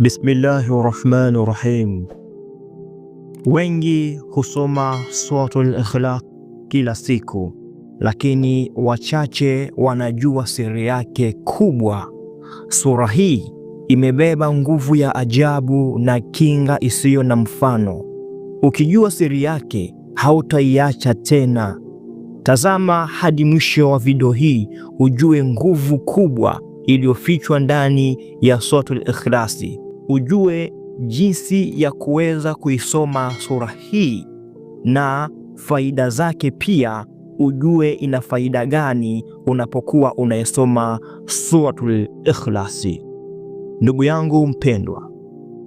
Bismillahi rahmani rahim. Wengi husoma Suratul Ikhlas kila siku, lakini wachache wanajua siri yake kubwa. Sura hii imebeba nguvu ya ajabu na kinga isiyo na mfano. Ukijua siri yake, hautaiacha tena. Tazama hadi mwisho wa video hii ujue nguvu kubwa iliyofichwa ndani ya Suratul Ikhlasi ujue jinsi ya kuweza kuisoma sura hii na faida zake, pia ujue ina faida gani unapokuwa unayesoma Suratul Ikhlasi. Ndugu yangu mpendwa,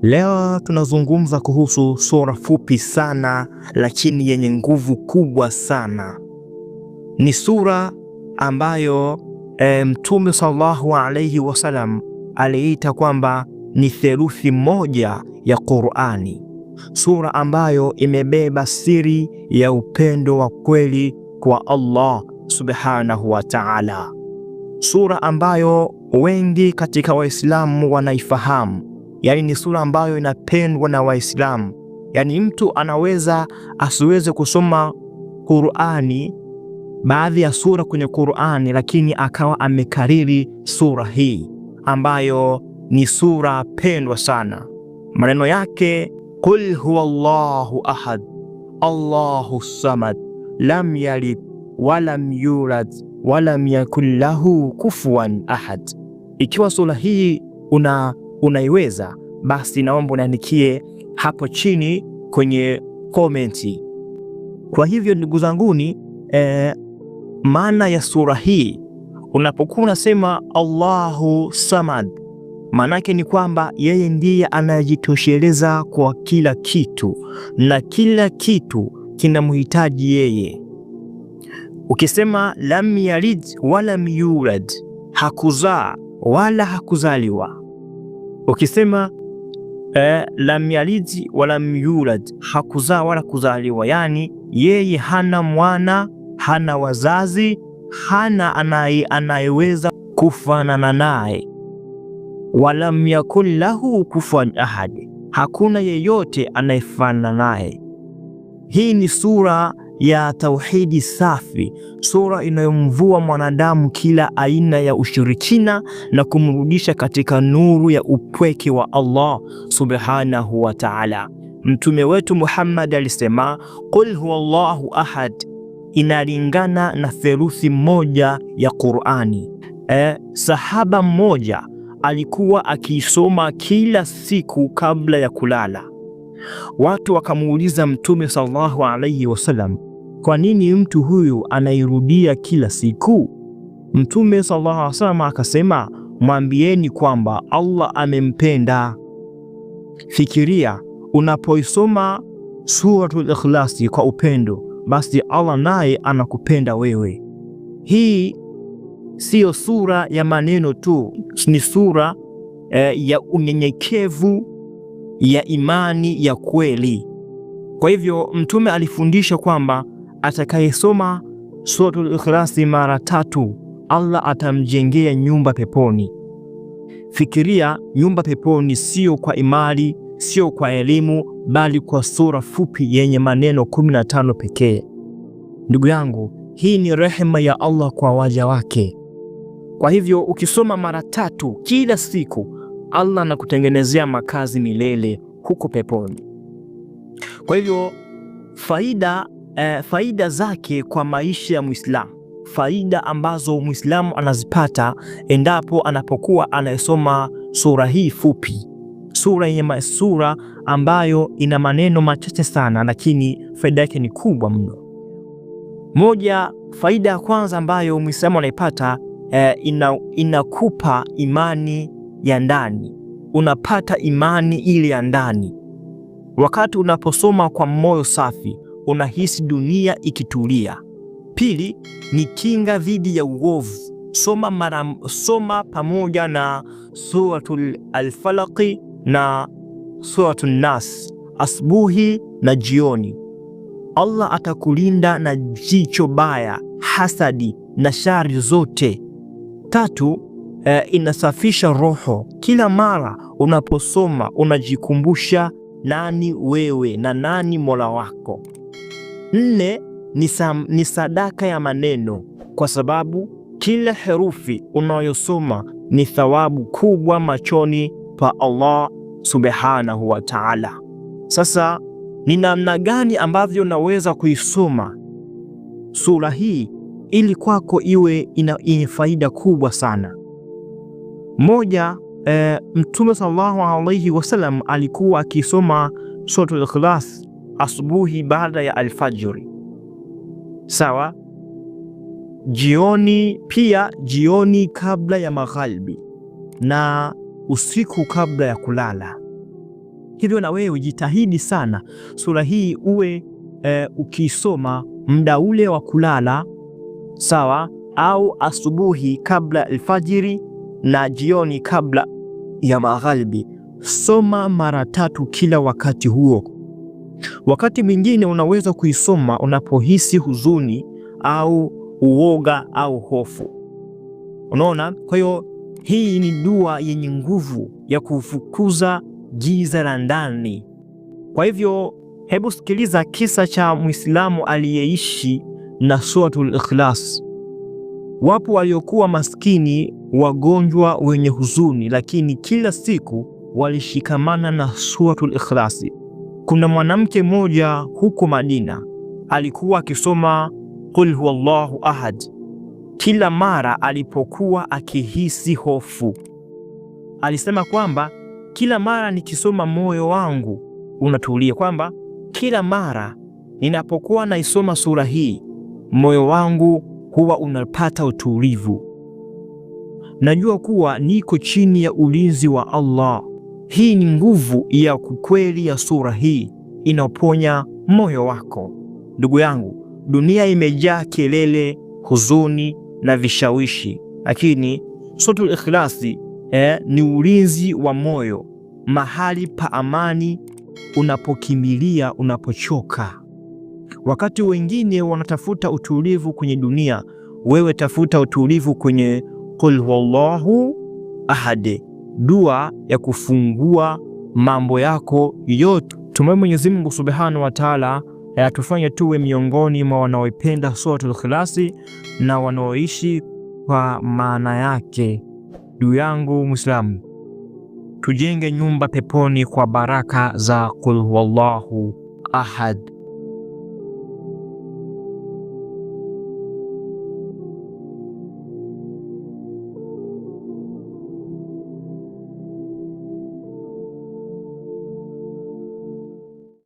leo tunazungumza kuhusu sura fupi sana lakini yenye nguvu kubwa sana. Ni sura ambayo e, Mtume sallallahu alaihi wasallam aliita kwamba ni theluthi moja ya Qur'ani, sura ambayo imebeba siri ya upendo wa kweli kwa Allah subhanahu wa ta'ala, sura ambayo wengi katika Waislamu wanaifahamu. Yani ni sura ambayo inapendwa na Waislamu. Yani mtu anaweza asiweze kusoma Qur'ani, baadhi ya sura kwenye Qur'ani, lakini akawa amekariri sura hii ambayo ni sura pendwa sana. Maneno yake qul huwa llahu ahad allahu samad lam yalid walam yulad walam yakun lahu kufuwan ahad. Ikiwa sura hii una unaiweza, basi naomba uniandikie hapo chini kwenye komenti. Kwa hivyo ndugu zanguni, eh, maana ya sura hii unapokuwa unasema Allahu samad Maanake ni kwamba yeye ndiye anayejitosheleza kwa kila kitu na kila kitu kinamhitaji yeye. Ukisema lam yalid wala yulad, hakuzaa wala hakuzaliwa. Ukisema eh, lam yalid wala yulad, hakuzaa wala kuzaliwa, yaani yeye hana mwana, hana wazazi, hana anayeweza kufanana naye walam yakun lahu kufuwan ahad, hakuna yeyote anayefanana naye. Hii ni sura ya tauhidi safi, sura inayomvua mwanadamu kila aina ya ushirikina na kumrudisha katika nuru ya upweke wa Allah subhanahu wa ta'ala. Mtume wetu Muhammad alisema qul huwa llahu ahad, inalingana na theluthi moja ya Qur'ani. Eh, sahaba mmoja alikuwa akiisoma kila siku kabla ya kulala. Watu wakamuuliza Mtume sallallahu alaihi wasallam, kwa nini mtu huyu anairudia kila siku? Mtume sallallahu alaihi wasallam akasema, mwambieni kwamba Allah amempenda. Fikiria, unapoisoma Suratul Ikhlasi kwa upendo, basi Allah naye anakupenda wewe. Hii siyo sura ya maneno tu, ni sura eh, ya unyenyekevu, ya imani ya kweli. Kwa hivyo Mtume alifundisha kwamba atakayesoma Suratul Ikhlasi mara tatu Allah atamjengea nyumba peponi. Fikiria nyumba peponi, sio kwa imali sio kwa elimu, bali kwa sura fupi yenye maneno 15 pekee. Ndugu yangu, hii ni rehema ya Allah kwa waja wake. Kwa hivyo ukisoma mara tatu kila siku, Allah anakutengenezea makazi milele huko peponi. Kwa hivyo faida, eh, faida zake kwa maisha ya Muislamu, faida ambazo Muislamu anazipata endapo anapokuwa anayesoma sura hii fupi, sura yenye sura ambayo ina maneno machache sana, lakini faida yake ni kubwa mno. Moja, faida ya kwanza ambayo Muislamu anaipata eh, ina, inakupa imani ya ndani, unapata imani ile ya ndani. Wakati unaposoma kwa moyo safi, unahisi dunia ikitulia. Pili ni kinga dhidi ya uovu. Soma, mara, soma pamoja na Suratul Alfalaqi na Suratul Nas asubuhi na jioni. Allah atakulinda na jicho baya, hasadi na shari zote. Tatu, eh, inasafisha roho. Kila mara unaposoma unajikumbusha nani wewe na nani Mola wako. Nne, ni sadaka ya maneno, kwa sababu kila herufi unayosoma ni thawabu kubwa machoni pa Allah subhanahu wa ta'ala. Sasa ni namna gani ambavyo unaweza kuisoma sura hii ili kwako iwe yenye faida kubwa sana. Moja, e, Mtume sallallahu alaihi wasallam alikuwa akisoma suratul Ikhlas asubuhi baada ya alfajiri, sawa. Jioni pia, jioni kabla ya magharibi na usiku kabla ya kulala. Hivyo na wewe ujitahidi sana sura hii uwe e, eh, ukiisoma muda ule wa kulala sawa, au asubuhi kabla alfajiri na jioni kabla ya magharibi. Soma mara tatu kila wakati huo. Wakati mwingine unaweza kuisoma unapohisi huzuni au uoga au hofu. Unaona, kwa hiyo hii ni dua yenye nguvu ya kufukuza giza la ndani. Kwa hivyo, hebu sikiliza kisa cha Mwislamu aliyeishi na Suratul Ikhlas. Wapo waliokuwa maskini, wagonjwa, wenye huzuni, lakini kila siku walishikamana na Suratul Ikhlas. Kuna mwanamke mmoja huko Madina alikuwa akisoma Qul huwallahu ahad kila mara alipokuwa akihisi hofu. Alisema kwamba kila mara nikisoma moyo wangu unatulia, kwamba kila mara ninapokuwa naisoma sura hii moyo wangu huwa unapata utulivu. Najua kuwa niko chini ya ulinzi wa Allah. Hii ni nguvu ya kweli ya sura hii, inaponya moyo wako. Ndugu yangu, dunia imejaa kelele, huzuni na vishawishi, lakini Suratul Ikhlasi eh, ni ulinzi wa moyo, mahali pa amani unapokimilia unapochoka. Wakati wengine wanatafuta utulivu kwenye dunia, wewe tafuta utulivu kwenye qul huwallahu ahad, dua ya kufungua mambo yako yote. Tumwombe Mwenyezi Mungu Subhanahu wa Ta'ala ayatufanye eh, tuwe miongoni mwa wanaoipenda Suratul Ikhlasi na wanaoishi kwa maana yake. Ndugu yangu Muislamu, tujenge nyumba peponi kwa baraka za qul huwallahu ahad.